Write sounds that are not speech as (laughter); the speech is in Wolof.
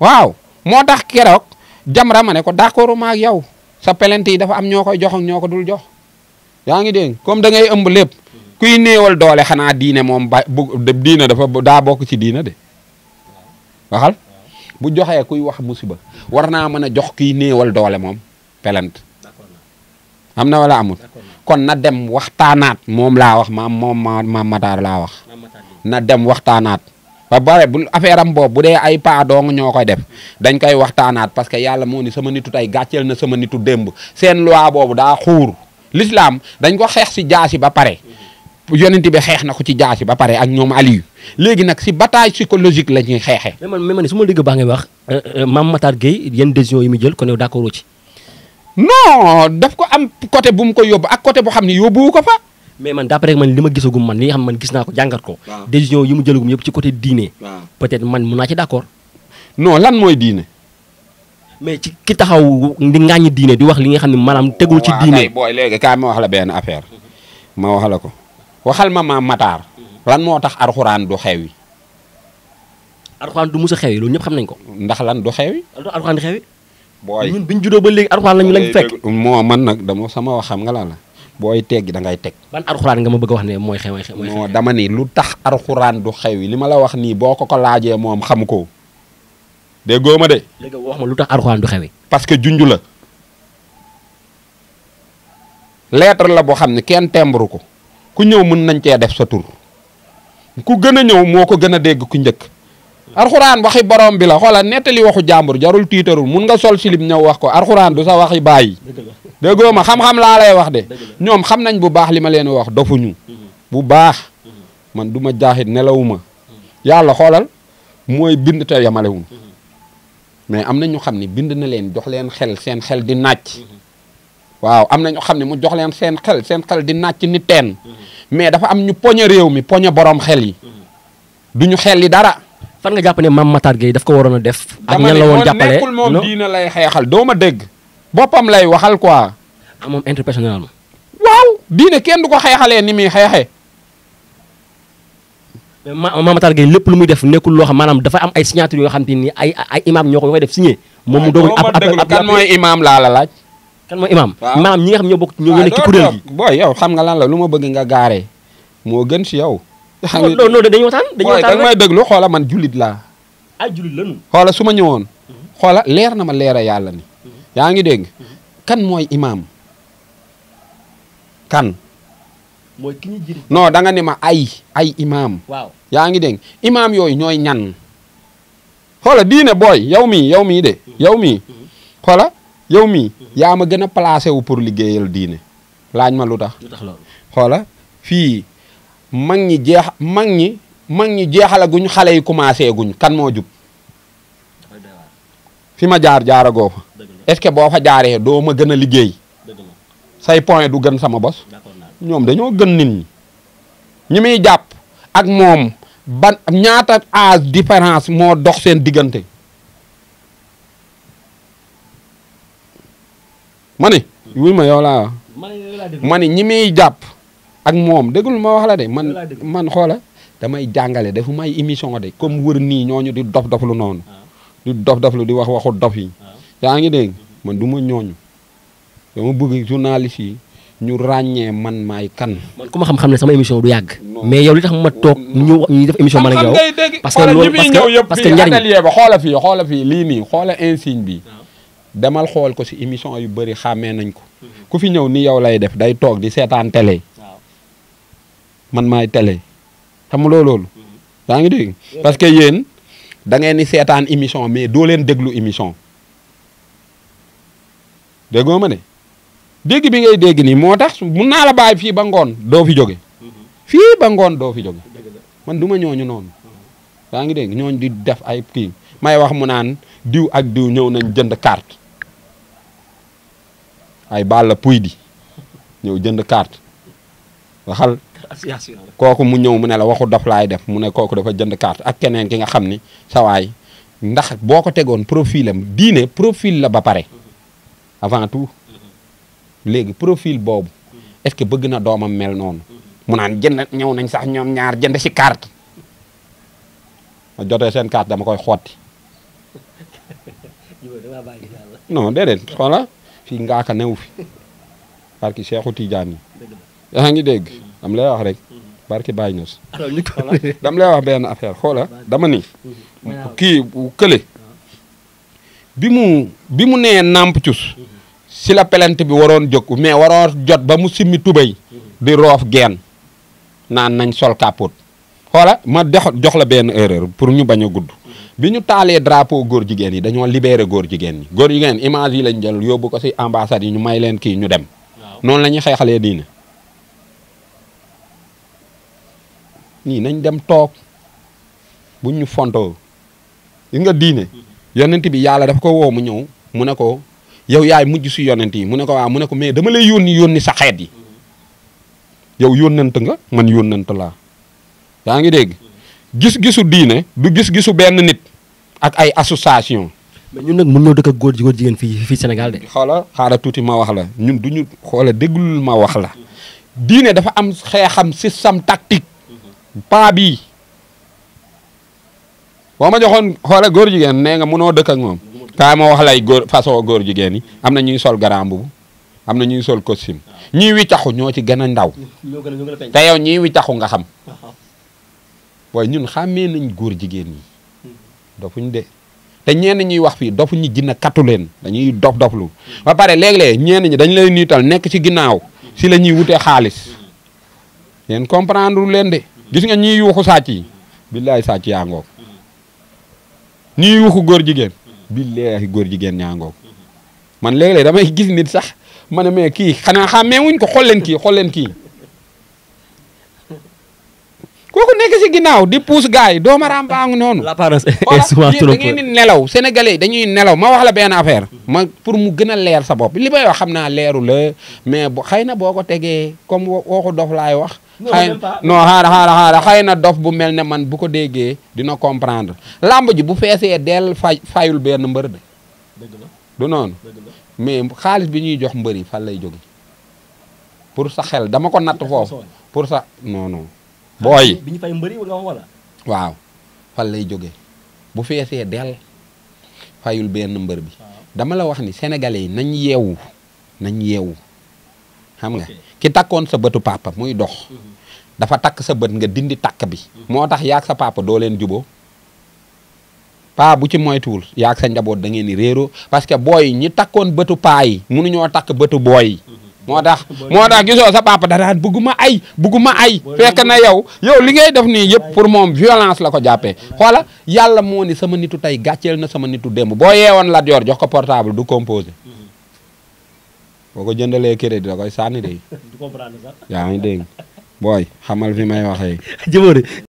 waaw moo tax keroog Jamra ma ne ko d'accord ma ak yow sa pelente yi dafa am ñoo koy jox ñoo ko dul jox yaa ngi dégg comme da ngay ëmb lépp kuy néewal doole xanaa diine moom ba bu diine dafa daa bokk ci diine de waxal bu joxee kuy wax musiba war naa mën a jox kuy néewal doole moom pelent am na wala amul kon na dem waxtaanaat moom laa wax maam moom ma maam mataar laa wax na dem waxtaanaat ba bare bu affaire am boobu bu dee ay paa dong ñoo koy def dañ koy waxtaanaat parce que yàlla moo ni sama nitu tey gàcceel na sama nitu démb seen loi boobu daa xuur l'islam dañ ko xeex si jaasi ba pare yonent bi xeex na ko ci jaasi ba pare ak ñoom Aliou léegi nag si bataille psychologique la ñuy xeexee. mais man mais man su ma dégg baa ngay wax euh, euh, Mame Matar Gueye yenn décision yi mu jël ko ne yow ko ci. non daf ko am côté bu mu ko yob ak côté boo xam ne yóbbuwu ko mais man d'après man li ma gisagum man li nga xam man gis naa ko jàngat ko. décision yi mu jëlagum yëpp ci côté diine. peut-être man mun naa ci d'accord. non lan mooy diine. mais ci ki taxaw di ngaañi diine di wax li nga xam ne maanaam tegul ci diine. booy léegi kaa ma wax la benn affaire ma wax la ko waxal ma ma Matar. lan moo tax arxuraan du xew yi. arxuraan du mus a xew yi loolu ñëpp xam nañ ko. ndax lan du xew yi. arxuraan ñun bi ñu ba léegi arxuraan lañu lañ fekk. moo man nag dama sama wax xam nga lan la. booy teggi da ngay teg. ban arxuraan nga ma bëgg a wax ne mooy xew mooy xew. non dama nii lu tax arxuraan du xew li ma la wax nii boo ko ko laajee moom xam ko déggoo ma de. ma lu tax arxuraan du xewi. parce que junj la lettre la boo xam ne kenn tembru ko ku ñëw mën nañ cee def sa tur ku gën a ñëw moo ko gën a dégg ku njëkk. arxuraan waxi borom bi la xoola nettali waxu jàmbur jarul tiitarul mun nga sol silib ñëw wax ko arxuraan du sa waxi bàyyi déggoo ma xam-xam laa lay wax de ñoom xam nañ bu baax li ma leen wax dofuñu mm-hmm. bu baax mm-hmm. man duma ma jaaxit nelawuma mm-hmm. yàlla xoolal mooy bind te yamalewuñ mais am na ñu xam ne bind na leen jox leen xel seen xel di nàcc waaw am na ñu xam ne mu jox leen seen xel seen xel di nàcc ni teen mais dafa am ñu poñe réew mi poñe borom xel yi duñu xel li dara fan nga jàpp ne Mame Matar Gueye daf ko waroon a def. ak ñan la woon jàppale nekkul moom diina lay xeexal doo ma dégg. boppam lay waxal quoi. ah moom interpersonnel ma. waaw diine kenn du ko xeexalee ni muy xeexe mais Mame Matar Gueye lépp lu muy def nekkul loo xam maanaam dafa am ay signature yoo xam te ni ay ay imaam ñoo ko koy def signé. moom mu doog ab ab kan mooy laa la laaj. kan mooy imaam maanaam ñi nga xam ñoo bokk ñoo yow xam nga lan la lu ma bëgg nga gaaree moo gën si yow xam nga non non dañuy waxtaan déglu xoola man julit laa. ah jullit la ñu. xoola su ma ñëwoon. Mhm. xoola leer na ma leera yàlla ni. Mhm. yaa ngi dégg. Mhm. kan mooy imam kan. mooy ki ñu ne ma ay ay imaam. waaw yaa ngi dégg imaam yooyu ñooy ñan. xoola diine booy yow mii yow mii de. yow mii xoola yow mii. yaa ma gën a placé wu pour liggéeyal diine. laaj ma lu tax. fii. mag ñi jeex mag ñi mag ñi jeexala xale yi commencé guñ kan moo jub fi ma jaar jaaragoo fa est-ce que boo fa jaaree doo ma gën a liggéey say point du gën sama bos ñoom dañoo gën nit ñi ñi jàpp ak moom ban ñaata âge différence moo dox seen diggante ma ne wuy ma yow laa ma ne ñi muy jàpp ak moom déggul ma wax la de man man xoola damay jàngale defu may émission de comme wër nii ñooñu di dof dof lu noonu ah. di dof dof lu di wax waxu dof yi ah. yaa ngi dégg man du ma ñooñu dama bëgg journaliste yi ñu ràññee man maay kan. man ku xam-xam sama émission du yàgg. mais yow li tax ma toog ñu ñu def émission man parce que loolu parce que njariñ ba xoola fii xoola fii lii nii xoola bi. Ah. demal xool ko si émission yu bëri xàmmee nañ ko. Mm-hmm. ku fi ñëw ni yow lay def day toog di seetaan télé. man maay télé xam nga loolu. yaa ngi dégg parce que yéen da ngeen di seetaan émission mais doo leen déglu émission déggoo ma ne dégg bi ngay dégg nii moo tax mun naa la bàyyi fii ba ngoon doo fi jóge fi ba ngoon doo fi jóge man du ma ñooñu noonu yaa ngi dégg ñooñu di def ay kii may wax mu naan diw ak diw ñëw nañ jënd carte ay balla puy di ñëw jënd carte waxal kooku mu ñëw mu ne la waxu dof laay def mu ne kooku dafa jënd carte ak keneen ki nga xam ni sawaay ndax boo ko tegoon profil diine profil la ba pare avant tout léegi profil boobu est-ce que bëgg na doomam mel noonu mu naan jënd ñëw nañ sax ñoom ñaar jënd si carte ma jotee seen carte dama koy xotti (laughs) non déedéet xoola fii ngaaka new fi parce (laughs) Seexu Tijaan yi yaa ngi dégg dam lay wax rek barki bàyyi ñus dam lay wax benn affaire xoola dama ni mm-hmm. kii bu kële bi mu bi mu nee nàmp cus mm-hmm. si la pelante bi waroon jóg mais waroo jot ba mu simmi tubay mm-hmm. di roof geen naan nañ sol kàppoot xoola ma dex jox la benn erreur pour ñu bañ gudd bi ñu taalee drapeau góor jigéen yi dañoo libéré góor jigéen ñi góor jigéen image yi lañ jël yóbbu ko si ambassade yi ñu may leen kii ñu dem noonu la ñuy xeexalee diine nii nañ dem toog bu ñu fontoo yi nga diine yonent bi yàlla dafa ko woo mu ñëw mu ne ko yow yaay mujj si yonent yi mu ne ko mu ne ko mais dama lay yónni yónni sa xeet yi yow yónnant nga man yónnant laa yaa ngi dégg gis-gisu diine du gis-gisu benn nit ak ay association mais ñun nag mënoo dëkk ak góor góor jigéen fii fii Sénégal de. xoola xaaral tuuti ma wax la ñun du ñu xoola déglul ma wax la diine dafa am xeexam système tactique paa bii boo ma joxoon xoola góor jigéen nee nga munoo dëkk ak moom kaay ma wax lay góor façon góor jigéen yi am na ñuy sol garam bu am na ñuy sol costume ñii wi taxu ñoo ci gën a ndaw te yow ñii wi taxu nga xam waaye ñun xàmmee nañ góor jigéen yi hmm. dofuñ de te ñenn ñuy wax fii dofu ñu jinna katu leen dañuy dof doflu ba pare léeg-léeg ñenn ñu dañ lay niital nekk ci ginnaaw si la ñuy wutee xaalis hmm. yéen comprendre leen de gis nga ñii yuuxu sàcc yi billaay sàcc yaa ngoog ñii yuuxu góor jigéen billaay góor jigéen ñaa man léeg-léeg damay gis nit sax ma ne mais kii xanaa xàmmee wuñ ko xool leen kii xool leen kii kooku nekk si ginnaaw di puus gars yi doomu raam baa ngi noonu. l'apparence est souvent trop di nelaw sénégalais dañuy nelaw ma wax la benn affaire. ma pour mu gën a leer sa bopp li xam naa leeru la mais bu xëy na boo ko tegee comme waxu dof laay wax. xëy non xaara xaara xaara xëy na dof bu mel ne man bu ko déggee dina comprendre làmb ji bu feesee dell fayul benn mbër de du noonu mais xaalis bi ñuy jox mbëri fan lay jóge pour sa xel dama ko natt foofu pour sa non non booy bi waaw fan lay jóge bu feesee dell fayul benn mbër bi dama la wax ni sénégalais yi nañ yeewu nañ yeewu xam nga ki takkoon sa bëtu papa muy dox mhm. dafa takk sa bët nga dindi takk bi moo tax yaag sa papa doo leen juboo paa bu ci moytuwul yaag sa njaboot da ngeen di réeroo parce que booy ñi takkoon bëtu paa yi munuñoo takk bëtu booy mhm. moo tax moo tax gisoo sa papa da daan bëgguma ay bëgguma ay fekk na yow yow li ngay def nii yëpp pour moom violence la ko jàppee xoola yàlla moo ni sama nitu tey gàcceel na sama nitu demb boo yeewoon la yor jox ko portable du composé boo ko jëndalee crédit da koy sànni de. (laughs) du comprendre sax. yaa ngi dégg booy xamal fi may waxee. (laughs) jëboon